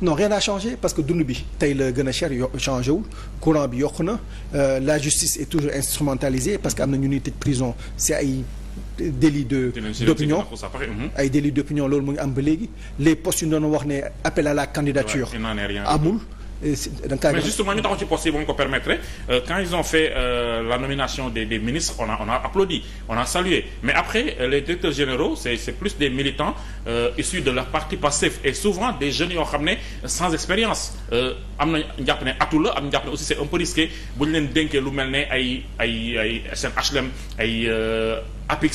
non rien n'a changé parce que dund bi tey la gën a cher yo changé wul bi yokk na euh, la justice est toujours instrumentalisée parce que am na ñu ñuy tëj prison si ay délit de d'opinion mhm. ay délit d'opinion loolu mu ngi am ba léegi les postes yu doon wax ne appel à la candidature amul da nga mais justement ñu taxaw ci poste yi ba mu ko permettre euh, quand ils ont fait euh, la nomination des ministres on a on a applaudi on a salué mais après euh, les directeurs généraux c'est plus des militants issus de leur parti Pastef et souvent des jeunes yoo xam ne sans expérience am na njàpp ne atu am na njàpp ne aussi c'est un peu risqué bu ñu leen dénkee lu mel ne ay ay ay SN HLM ay APIX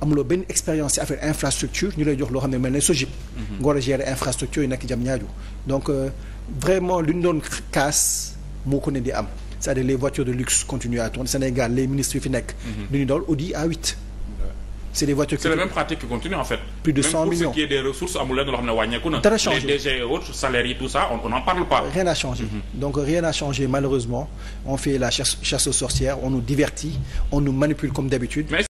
amuloo benn expérience ci affaire infrastructure ñu lay jox loo xam ne mel ne SOGIP mhm. nga war a gérer infrastructure yi nekk jam ñaaju donc euh, vraiment lu ñu doon kaas moo ko ne di am c'est-à-dire les voitures de luxe continuent à tourner Sénégal les ministres yu fi nekk mhm. lu ñu dawal Audi A8 c'est des voitures. c'est la même pratique qui continue en fait. plus de cent millions même pour ce qui est des ressources amul lenn loo xam ne wàññeeku na. dara changé les DG et autres salaires yi tout ça on n'en parle pas. rien n'a changé mm-hmm. donc rien n'a changé malheureusement on fait la chasse chasse aux sorcières on nous divertit on nous manipule comme d'habitude. Mais